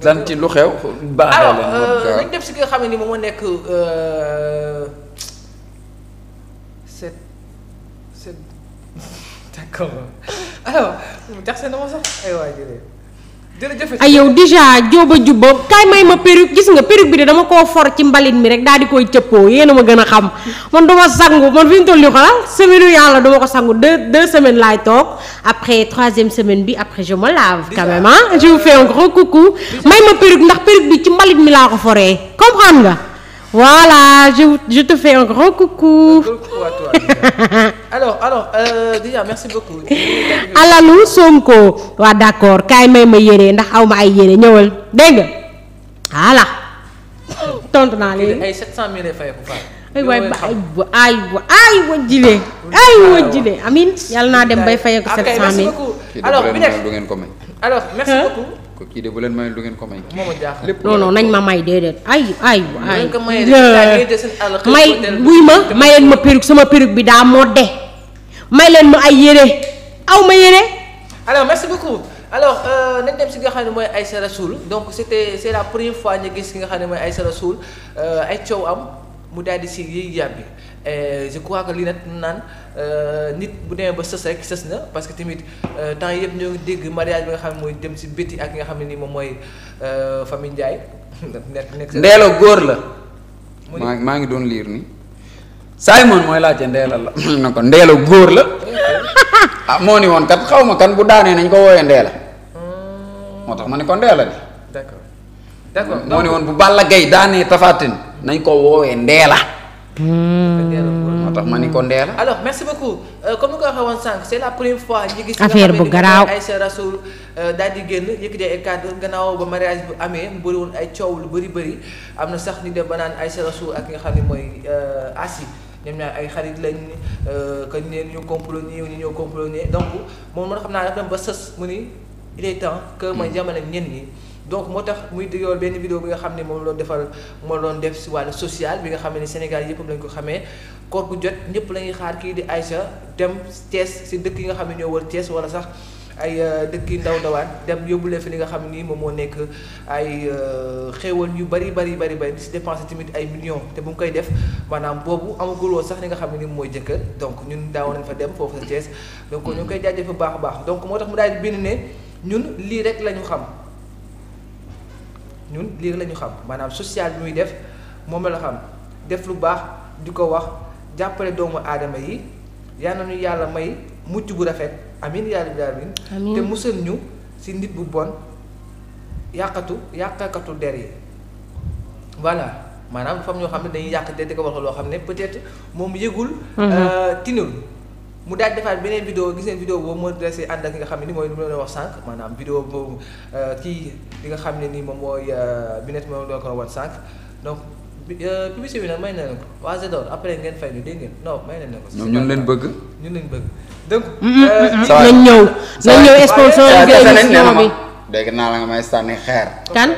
lan ci lu xew. baaxee leen alors nañ def si ki nga xam ne ni moom moo nekk c'est euh, c'est d'accord alors jaxase na ma sax ay waay jërëjëf. ay yow dèjà jóoba jubba kaay may ma perruque gis nga perruque bi de dama koo for ci mbalit mi rek daal di koy cëppoo yéena ma gën a xam man duma sangu man fi ñu toll nii xoolal semaine yàlla duma ko sangu deux deux semaines laay toog après troisième semaine bi après je me lave ah je vous fais un ma perruque ndax perruque bi ci mbalit mi laa ko foree comprendre nga voilà je coucou alors alors euh, déjà merci beaucoup. alalu Sonko waa d' accord kaay may ma yére ndax aw ma ay yére ñëwal dégg nga tontu naa léegi. ay 700000 lay fay fa. aywa aywa aywa aywa jile. aywa jile amin naa ah, de bu leen may lu ko may. non non nañ ma may déedéet ay buy ma mayeen ma perruque sama perruque bi daa moo may leen ma ay yére aw ma yére. alors merci beaucoup. alors euh, nañ dem si nga xam ne mooy ay Aïssa Rassoul donc c' était c' est la première fois ñu gis ki nga xam ne mooy Aïssa Rassoul euh, ay coow am mu daal di si yéeg yàbbi je crois que li nag naan euh, nit bu demee ba sës rek sës na parce que tamit temps yëpp ñoo dégg mariage bi nga xam ne mooy dem si bétti ak nga xam ne nii moom mooy famille Ndiaye. nekk góor la. maa maa ngi doon liir nii. Simon mooy laajte ndeela la mu ne ko ndeela góor la ah moo ni woon kat xaw ma kan bu daanee nañ ko wooyee ndeela moo tax ma ne ko ndeela di ni bu Balla Gaye daanee tafaatin nañ ko woowee ndeela hmm. moo tax ma ni ko ndeela alors merci beaucoup euh, comme ni ko waxee woon sànq c'est la première fois ñu gis affaire bu garaaw ay sa rasul euh, daal di génn yëkkati ay kàddu gannaaw ba mariage bu amee mu bëri ay coow lu bëri bëri am na sax ñu dem ba naan ay sa rasul ak nga xam ne mooy euh, asi ñoom ñaar ay xarit lañ euh, que ñu leen ñu complot ñii ñu ñoo complot donc moom man xam naa dafa dem ba sës mu ni il est temps que ma hmm. jamono ñenn ñi. donc moo tax muy digoon benn vidéo bi nga xam ne moom loon defal moo doon def si wàllu social bi nga xam ne Sénégal yëpp lañ ko xamee koor gu jot ñépp la ñuy xaar kii di Aïcha dem Thiès si dëkk yi nga xam ne ñoo wër Thiès wala sax. ay euh, dëkki yu ndaw ndawaan dem yóbbulee fi li nga xam nii moom moo nekk ay euh, xéewal yu bari bari bari bari di si dépensé tamit ay millions te bu mu koy def maanaam boobu amagul woon sax li nga xam ne ni mooy jëkkër donc ñun daawoon nañ fa dem foofu sa Thiès donc ñu ngi koy jaajëf bu baax a baax donc moo tax mu daal di bind ne ñun lii rek la ñu xam ñun lii la ñu xam maanaam social bi muy def moom la xam def lu baax di ko wax jàppale doomu aadama yi yal na ñu yàlla may mucc bu rafet. amin yaa rabbil alamin te musal ñu ci nit bu bon yàqatu yàqakatu der yi voilà maanaam fam ñoo xam ne dañuy yàq der di ko wax loo xam ne peut-être moom yëgul mhm. euh, tinul mu daal defaat beneen vidéo gis ngeen vidéo boobu moo dressé ànd ak ki nga xam ne ni mooy lu wax sànq maanaam vidéo boobu euh, kii li nga xam ne ni moom mooy euh, binet moom doon ko wan sànq donc publicité bi nag may na leen ko waa Zedor après ngeen fay ñu dégg ngeen non may na leen ko ñoom ñun leen bëgg ñun leen bëgg dëgg. Euh, nañ ñëw nañ ñëw sponsorisé émission bi. nga may sànni xeer. kan.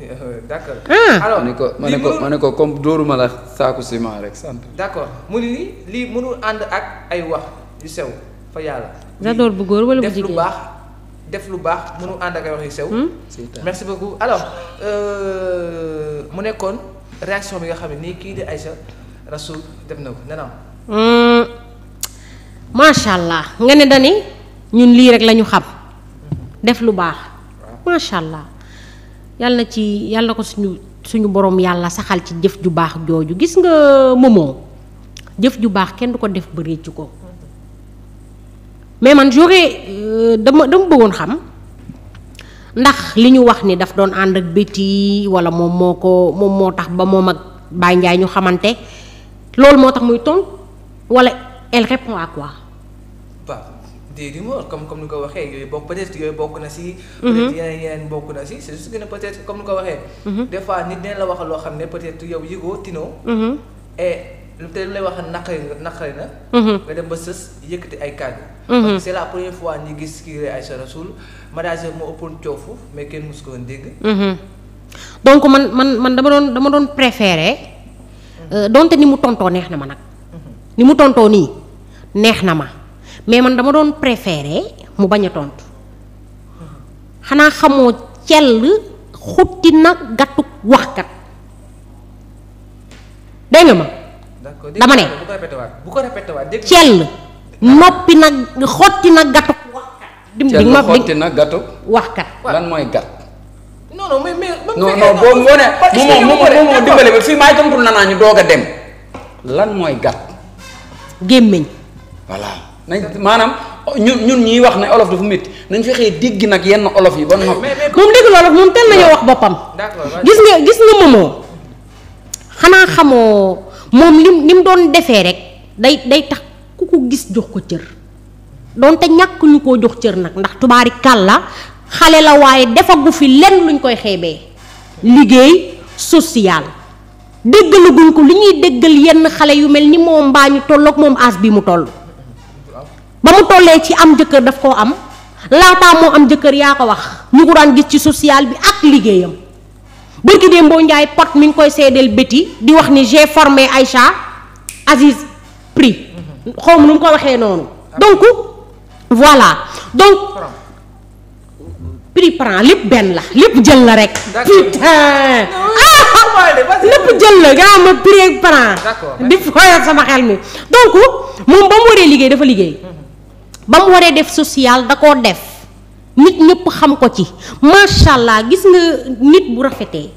Euh, ah. ma ne ko ma ne ko ma ne ko comme dóoruma la saaku ciment rek sant. d'accord mu ni lii mënul ànd ak ay wax yu sew fa yàlla. bu góor wala bu lu baax def lu baax mënul ànd ak ay wax yu sew. Hmm? merci euh, mu nekkoon réaction bi nga xam ni nii kii di Aïcha Rasoul def na ko nee macha allah nga ne dani ñun lii rek la ñu xam def lu baax macha allah yàlla ci yàlla ko suñu suñu borom yàlla saxal ci jëf ju baax jooju gis nga momoo jëf ju baax kenn du ko def ba réccu ko mais man j'aurais euh, dama dama bëggoon xam ndax li ñu wax ni daf doon ànd ak béti wala moom moo ko moom moo tax ba moom ak Baye Ndiaye ñu xamante loolu moo tax muy ton walla elle répond à quoi pas des rumeurs comme comme ni ko waxee yooyu bokk peut-être yooyu bokk na si. peut-être yeneen yeneen bokk na si c'est juste que ne peut-être comme ni ko waxee. des fois nit dina la wax loo xam ne peut-être yow yëgoo tinoo. et lu donc man man man dama doon préféré. Eh. Mhm. Eh, donte ni mu tontoo neex na ma nag. Mhm. ni mu tontoo nii neex na ma. mais man dama doon préféré mu bañ a tontu xanaa xamoo cell xutti na gàttuk waxkat dégg nga ma. dama ne bu ko répété waat cell noppi na xotti na gàttuk waxkat. dim di ma xotti na gàttuk waxkat. lan mooy gàtt. non non mais mais. non non boo moo ne mu moo mu moo dimbale ba fii maay tontu na naa ñu doog a dem. lan mooy gàtt. gémmiñ. voilà. nañ maanaam ñun ñun ñuy wax ne olof dafa métti nañ fexee dégg nag yenn olof yi ba noppi. moom déggul olof moom teel nañoo wax boppam. gis nga gis nga moomoo xanaa xamoo moom lim lim doon defee rek day day tax ku ko gis jox ko cër donte ñàkk ñu koo jox cër nag ndax tubaari la xale la waaye defagu fi lenn luñ koy xeebee liggéey social déggalaguñ ko li ñuy déggal yenn xale yu mel ni moom mbaa ñu tolloog moom as bi mu toll. ba mu tollee ci am jëkkër daf koo am laataa moo am jëkkër yaa ko wax ñu ko gis ci social bi ak liggéeyam bërki déem boo njaay pot mi ngi koy seedeel béti di wax ni j'ai formé Aïcha Aziz prix xawma nu mu ko waxee noonu donc voilà donc prix prend lépp benn la lépp jël la rek putain ah, lépp jël la nga ma prix prend di fooyal sama xel mi donc moom ba mu waree liggéey dafa liggéey ba mu waree def social da koo def nit ñëpp xam ko ci macha allah gis nga nit bu rafetee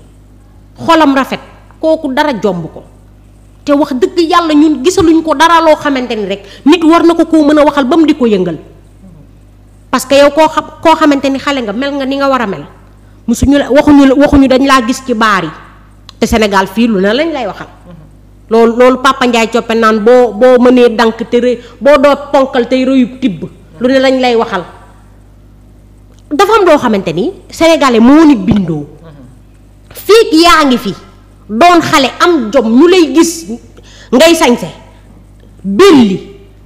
xolam rafet kooku dara jomb ko te wax dëgg yàlla ñun gisaluñ ko dara loo xamante ni rek nit war na ko koo mën a waxal ba mu di ko yëngal parce que yow koo xam koo xamante ni xale nga mel nga ni nga war a mel musuñu la waxuñu la waxuñu dañ laa gis ci baar yi te Sénégal fii lu na lañ lay waxal. loolu loolu papa Ndiaye coppe naan boo boo mënee dank te rëy boo doo ponkal tey rëyub tibb lu ne lañ lay waxal dafa am loo xamante ni sénégalais moo nit bindoo fii yaa ngi fi doon xale am jom ñu lay gis ngay sañse belli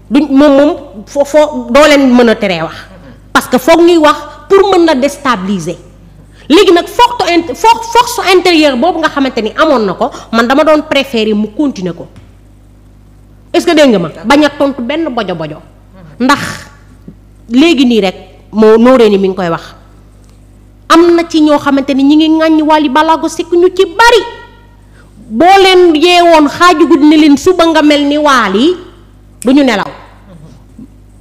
duñ moom moom foo foo doo leen mën a teree wax parce que foog ñuy wax pour mën na déstabiliser léegi nag forte in force intérieure boobu nga xamante ni amoon na ko man dama doon préférer mu continuer ko est-ce que dégg ma bañ a tontu benn bojo bojo ndax léegi nii rek moo nooree mi ngi koy wax am na ci ñoo xamante ni ñi ngi ŋàññ Wally Ballago Seck ñu ci bari boo leen yeewoon xaaju guddi ne leen suba nga mel ni Wally du ñu nelaw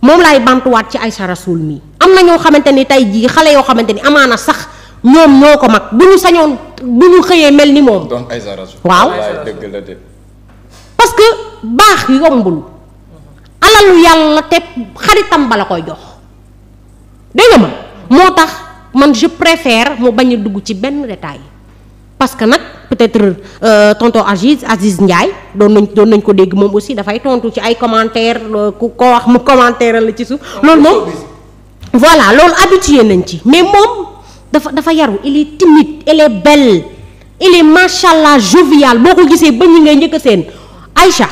moom laay bantuwaat ci ay Aïcha Rasoul mii am na ñoo xamante ni tey jii xale yoo xamante ni amaana sax ñoom ñoo ko mag bu ñu sañoon bu ñu xëyee mel ni moom. donc ay waaw dëgg parce que baax yombul. alalu yàlla te xaritam bala koy jox. dégg ma moo tax man je préfère mu bañ a dugg ci benn détail parce que nag peut-être euh, tonton Aziz Aziz Ndiaye doon nañ doon nañ ko dégg moom aussi dafay tontu ci ay commentaire euh, ku ko wax mu commentaire la ci su loolu moom voilà loolu habitué nañ ci mais moom. dafa dafa yaru il est timide belle elle est macha allah joviale boo ko gisee ba ñi ngay njëkk seen Aïcha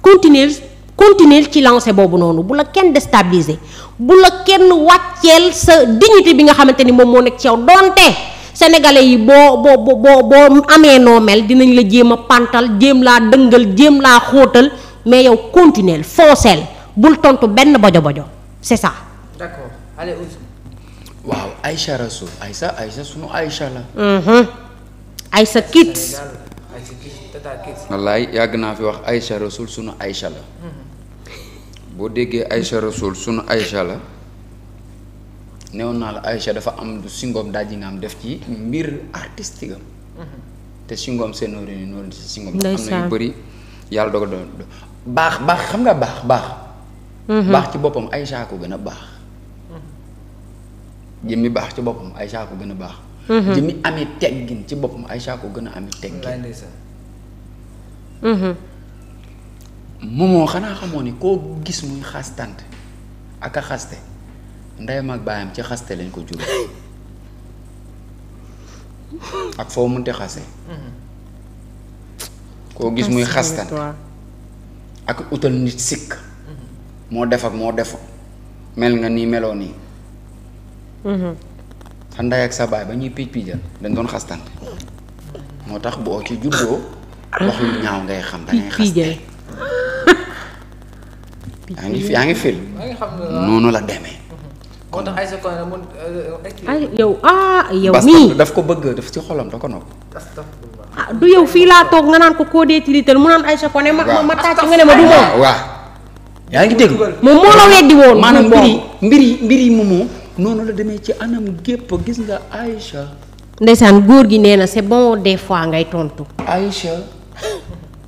continuer continuer ci lancé boobu noonu bu la kenn déstabiliser bu la kenn wàcceel sa dignité bi nga xamante ni moom moo nekk ci yow donte sénégalais yi boo boo boo boo amee noo dinañ la jéem a pantal jéem laa dëngal jéem laa xóotal mais yow continuer fonceel bul tontu benn bojo bojo c'est ça. waaw Aïcha Rassoul Aïcha Aïcha sunu Aïcha la. Mhm. Aïcha Kids. wallaay yàgg naa fi wax Aïcha Rassoul sunu Aïcha la. Mhm. déggee Aïcha Rassoul sunu Aïcha la. newoon naa la Aïcha dafa am du singoom ji nga am def ci mbir artistique mhm. te singoom seen noori ni noori si singoom. am na yu bëri yàlla doog a baax baax xam nga baax baax. baax ci boppam Aïcha ko gën a baax. jëmmi baax ci boppam ay ko gën a baax. Mhm. jëmmi amee teggin ci boppam ay ko gën a amee teggin. moomoo mhm. xanaa xamoo ni koo gis muy xastante ak a xaste ndeyam ak baayam ci xaste lañ ko jur ak foo mënte xaste mhm. koo gis muy xastante ak utal nit sikk moo def ak moo def mel nga nii meloo nii sa mhm. ndey ak sa baay ba ñuy piij piijal dañ doon xastante moo tax boo ci juddoo wax lu ñaaw ngay xam dangay xaste yaa ngi yaa ngi fil noonu la demee kon tax ay sa kon mun euh, ay yow ah daf ko bëgg daf ci xolam da ko nopp ah du yow fii laa toog nga naan ko koo dee tirital mu naan ay sa kon ma ma tàcc nga ne ma du moom waaw yaa ngi dégg moom moo la weddi woon maanaam mbir yi mbir yi mbir noonu la demee ci anam gépp gis nga Aïcha ndeysaan góor gi nee na c'est bon des fois ngay tontu Aïcha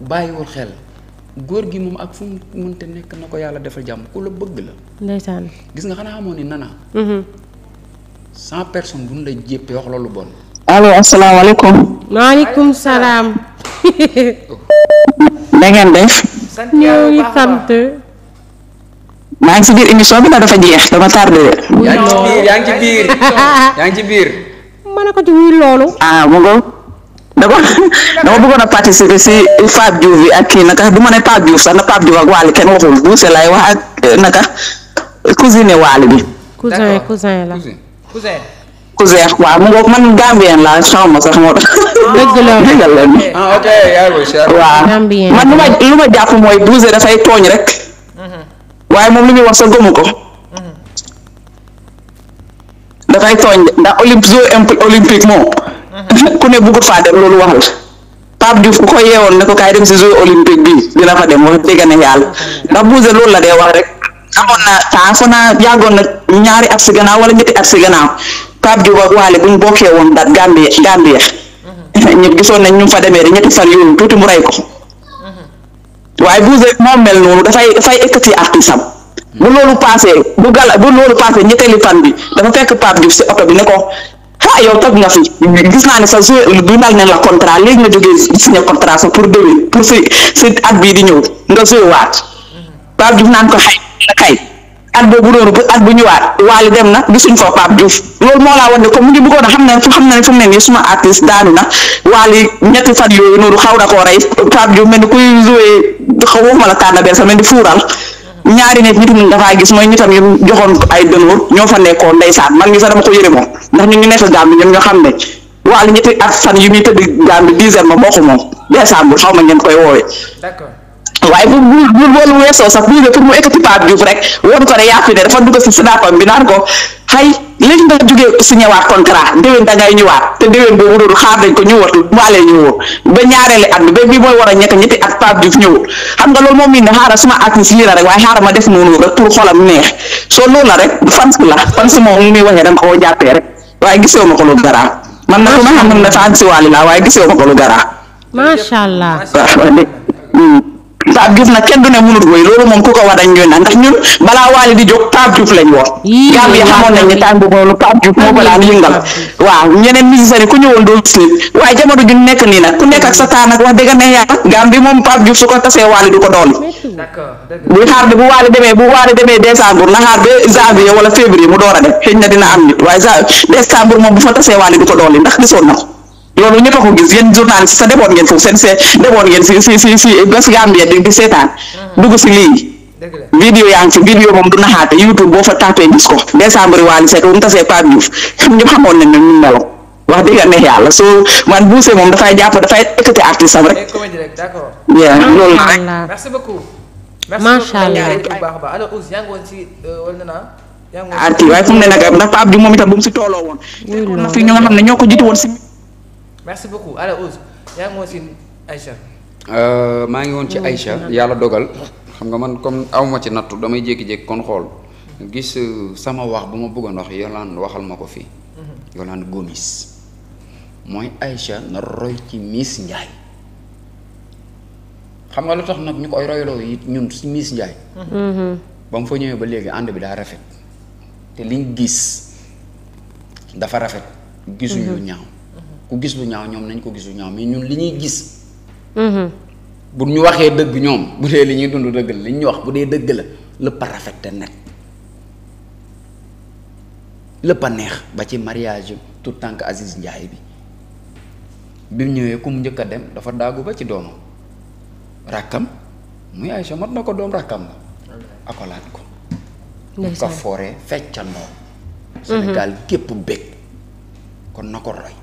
bàyyiwul xel góor gi moom ak fu mu mënte nekk na ko yàlla defal jàmm ku la bëgg la ndeysaan gis nga xanaa xamoon ni nana mm-hmm. cent personnes duñ la jéppee wax loolu bon allo asalaamaaleykum maaleykum salaam na def ñoo ngi sant maa ngi si biir émission bi na dafa jeex dama tardé. yaa ngi ci yaa ngi ci biir yaa ngi ci biir. mën na ko ci loolu. ah mu ngoog dama dama bëggoon a participer si Pape Diouf bi ak kii naka du ma ne Pape Diouf sax na Pape Diouf ak Waly kenn waxul Bousse laay wax ak eh, naka cousine bi. cousin cousin man Gambien laa xaw ma sax moo tax. Ah. la dëgg la. ah ok yaa ngi man lu ma lu ma jàpp mooy Bousse dafay tooñ rek. waaye moom li muy wax sa gëmu ko dafay tooñ ndax olymp jeux olympique moom ku ne bëggut faa dem loolu wax la Pape Diouf ku ko yeewoon ne ko kaay dem si jeux olympique bi dina fa dem wax dégg na yàlla ndax buuse loolu la dee wax rek amoon na temps foo naa yàggoon na ñaari at si gannaaw wala ñetti at si gannaaw Pape Diouf ak Waly buñ bokkee woon daat Gambie Gambie ñëpp soon nañ ñu fa demee di ñetti fan yooyu tuuti mu rey ko waaye Boucher moo mel noonu dafay dafay ekkati artiste am bu loolu paasee bu gala bu loolu paasee ñetteeli fan bi dafa fekk Pape Diouf si oto bi nekkoo ko ah yow toog nga fi gis naa ne sa joué bi nal ne la contrat léegi nga jógee signé contrat sa pour déwén pour si si at bii di ñëw nga joué waat Pape Diouf naan ko xay na kay. at boobu noonu ba at bu ñëwaat waali dem na gisuñ fa Pape Diouf loolu moo laa wan ne comme mu ngi bëggoon a xam ne fu xam ne fu mu ne nii suma artiste daanu na waali ñetti xaw na koo rey Pape Diouf ñaari nit ñi gis mooy ñi tam ñu joxoon ay dënnu ñoo fa nekkoon ndeysaan man mi sax dama ko yëre moom ndax ñun ñu nekk Gàmbi ñoom ñoo xam ne waali ñetti at fan yu muy tëdd Gàmbi dizaine ma ngeen koy woowee. waaye bu bu bu loolu weesoo sax bu ñu pour mu ekkati Pape Diouf rek woon ko ne yaa ne dafa dugg si sédapam bi naan ko xay léegi nga jógee si ñëwaat contrat déwén te déwén boobu doon xaar dañ ko ñëwatul waale ñëwoon ba a ñekk ñetti at Pape moom mii ne xaaral suma la rek waaye xaaral ma def noonu rek pour xolam neex soo loolu la rek fans la fans moom mu muy waxee dama koo jàppee rek waaye gisee ma ko lu garaaw man nag ma xam ne fan si waali laa waaye gisee ma ko lu garaaw. macha allah waaw Pape Diouf nag kenn du ne munut woy loolu moom ku ko war a ñëw na ndax ñun balaa waale di jóg Pape Diouf lañ woon. Gambie xamoon nañ ne tànn moo waaw ñeneen musiciens yi ku ñëwoon doo gis nit jamono ju nekk nii nag ku nekka sa taa nag wax dëgg ne yàlla Gambie moom Pape Diouf su ko tasee waale du ko doon bu xaar bu waale demee bu waale demee décembre na xaar ba janvier wala février mu door a dem xëy na dina am nit waaye décembre moom bu fa tasee waale du ko doon ndax gisoon na ko. loolu ñëpp a ko gis yéen journaliste sa demoon ngeen foofu seen see demoon ngeen si si si si bés Gambia di di seetaan dugg si lii vidéo yaa ngi fi vidéo moom du naxaate YouTube boo fa tapé gis ko décembre waaye fu mu ne nag ndax Pape Diouf moom itam si tooloo woon na fi si merci beaucoup ala Ousse yaa ngi woon euh, maa ngi woon ci Aïcha yàlla dogal xam nga man comme awma ci nattu damay jékki-jékki kon xool gis euh, sama wax bu ma bëggoon wax Yolande waxal ma ko fii. Mhm. Yolande Gomis mooy Aïcha na roy ci Miss Ndiaye xam nga lu tax nag ñu koy royloo it ñun si Miss Ndiaye. Mhm. ba mu fa ñëwee ba léegi ànd bi daa rafet te liñ gis dafa rafet. gisuñu mhm. ñaaw. ku gis lu ñaaw ñoom nañ ko gis lu ñaaw mais ñun li ñuy gis. Mm-hmm. bu ñu waxee dëgg ñoom bu dee li ñuy dund dëgg la li ñuy wax bu dee dëgg la lépp a rafet te net lépp a neex ba ci mariage tout tànk Aziz Ndiaye bi bi ñëwee ku mu njëkk a dem dafa daagu ba ci doomam rakkam muy Aïcha mat na ko doom rakkam la akolaat ko mu ko fooree feccandoo mm-hmm. Sénégal gépp bëgg kon na ko roy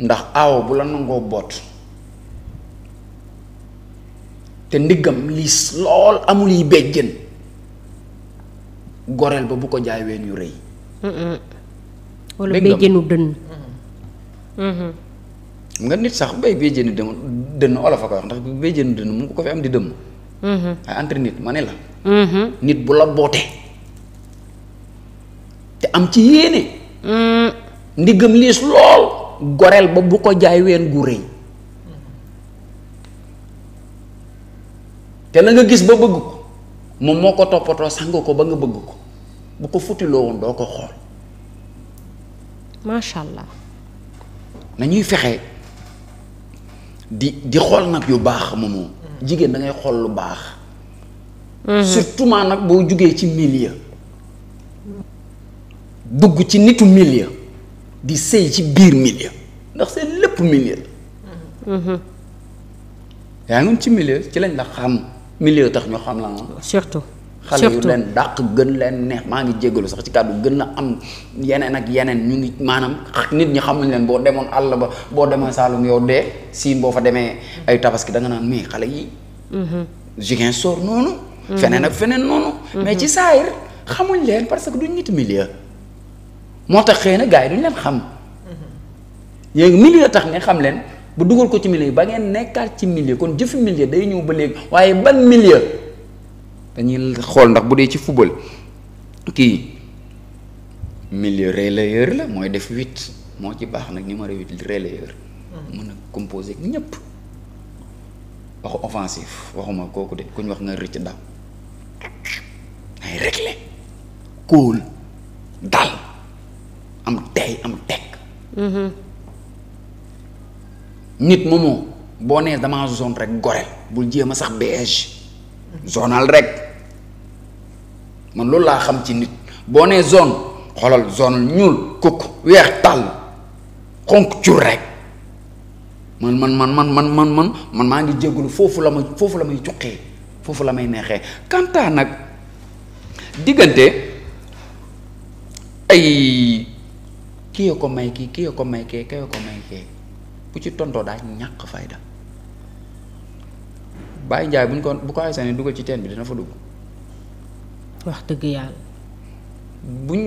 ndax aawo bu la nangoo boot te ndiggam liis lool amul yi béjjën goreel ba bu ko jaay ween yu rëy wala béjjënu dënn mm-hmm. Mm-hmm. nga nit sax bay béjjënu dënn dënn olof a wax ndax béjjënu dënn mu ko fi am di dëmm waaye mm-hmm. entre nit ma la nit bu la boote te am ci yéene ndiggam liis lool gorel ba bu ko jaay ween gu rëy te la nga gis ba bëgg ko moom moo ko toppatoo sang ko ba nga bëgg ko bu ko futiloo woon doo ko xool macha allah nañuy fexe di di xool nag yu baax moomu jigéen dangay xool lu baax mm-hmm. surtout maa nag boo jugee ci milieu dugg ci nitu milieu di sëy ci biir milieu ndax seen lépp milieu la. Mm-hmm. yaa ngi ci milieu ci lañ la xam milieu tax ñu xam la ah. surtout xale yu leen gën leen neex maa ngi jégalu sax ci kàddu gën a am yeneen ak yeneen ñu ngi maanaam nit ñi xamuñ leen boo demoon àll ba boo demee Saalum yow dee siin boo fa demee ay tabaski da naan mais xale yi. Mm-hmm. jigéen soor noonu. Mm-hmm. feneen ak feneen noonu. mais ci saayir xamuñ leen parce que duñ nit milieu. moo tax xëy na gars yi duñu leen xam yéen milieu tax nga xam leen bu dugal ko ci milieu ba ngeen nekkaat ci milieu kon jëfi milieu day ñëw ba léegi waaye ban milieu dañuy xool ndax bu dee ci football kii milieu relayeur la mooy def huit moo ci baax nag numéro huit relayeur. mën a composer ak ñëpp waxu offensif waxuma kooku de ku ñu wax nga rëcc daw ay réglé. kóol dal am tey am tekk nit moomoo boo nee damaa zone rek gorel bul jéem a sax beege zonal rek man loolu laa xam ci nit boo nee zone xoolal zone ñuul kukk weex tàll xonk cur rek man man man man man man man maa ngi jégalu foofu la ma foofu la may cuqee foofu la may neexee quant nag diggante ay kii ko may kii kii ko may kee kee ko may kee bu ci tontoo daa ñàkk fayda Baye Ndiaye bu ñu ko bu ko ay sànni dugal ci teen bi dina fa dugg. wax dëgg yàlla. buñ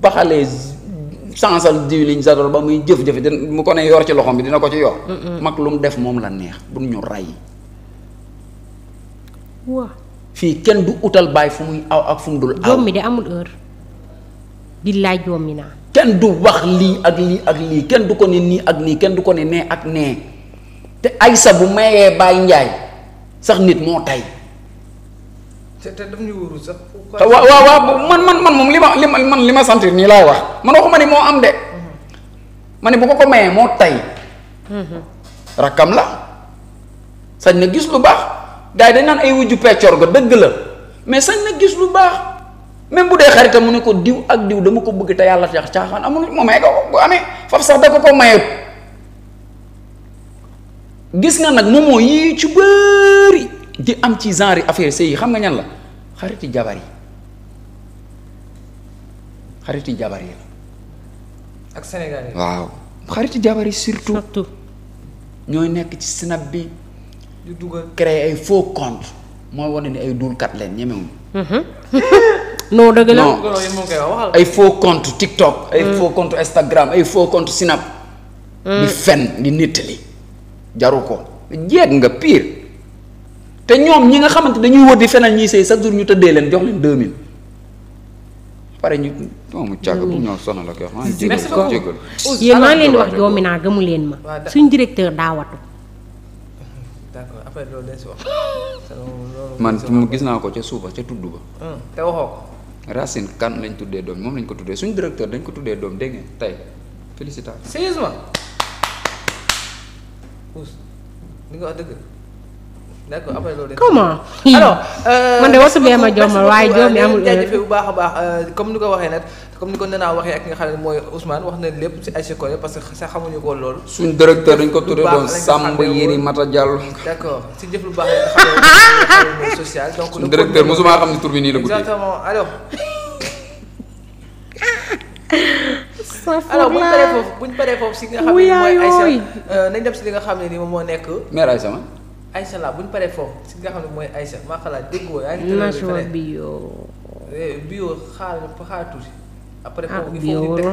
baxalee sansal diwlin zador ba muy jëf-jëf mu ko ne yor ci loxoom bi dina ko ci yor. mag lu mu def moom la neex buñ ñu rey. fii kenn du utal Baye fu muy aw ak fu dul aw. joom de amul heure. billaay joom naa. kenn du wax lii ak lii ak lii kenn du ko ne nii ak nii kenn du ko ne nee ak nee te Aïssa bu mayee Baye njaay sax nit moo tay te te daf ñu wóorul waaw waaw man man man moom li ma li ma man li ma sentir nii laay wax man waxuma ni moo am de. Mm-hmm. ma ne bu ko ko mayee moo tay mm-hmm. rakkam la sañ na gis lu baax gars yi naan ay wujju peccor ga dëgg la mais sañ na gis lu baax. même bu dee xaritam mu ne ko diw ak diw dama ko bëgg te yàlla tax caaxaan amul mu may ko bu amee faf sax da ko ko mayut gis nga nag moomoo yii ci bëri di am ci genre affaire sëy yi xam nga ñan la xariti jabar yi xariti jabar yi ak Sénégal yi waaw xariti jabar yi surtout. surtout ñooy nekk ci snap bi. di dugal créer ay faux compte mooy wane ni ay duulkat leen ñemewuñ Mm-hmm. non dëgg la non ay faux compte TikTok. ay mm. faux compte Instagram ay faux compte Snap. Mm. di fen di nettali jaru ko jeeg nga piir te ñoom ñi nga xamante dañuy wër di fenal ñiy sëy chaque jour ñu tëddee leen jox leen 2000. pare ñu doomu càgg bu ñoo sonal ak yow. Ah, merci beaucoup jégalu jégalu yéen leen wax doomi naa gëmu leen ma suñ directeur daawatu. après loolu la si wax. man mu gis naa ko ca suuba ca tudd ba. Hmm, te waxoo ko. Racine Kane lañ tuddee doom moom lañ ko tuddee suñu directeur dañ ko tuddee doom dégg ngeen tey félicitations. sérieusement. Ousse li nga wax dëgg. d'accord après loolu comment alors man de wasu bee ma jommal waaye joomi amul jaajëfe bu baax baax euh, comme ni ko waxee nag comme ni ko nenaa waxee ak nga xam ne mooy Ousmane wax na lépp ci Aïcha Collé parce que sax xamuñu ko loolu suñu directeur dañ ko tuddee doon Samb Yéri Mata Diallo d'accord si jëf lu baax la xam euh, social donc directeur mosuma xam ne tur bi nii la guddee exactement alors alors bu ñu paree foofu bu ñu paree foofu si euh, nga xam ne mooy Aïcha nañ dem si li nga nii moom moo nekk mère Aïcha Aïcha la bu ñu paree foofu si nga xam ne mooy Aïcha maa xalaat déggoo yaa ngi. national bio. Eh, bio xaar xaar tuuti. après ah, foofu il faut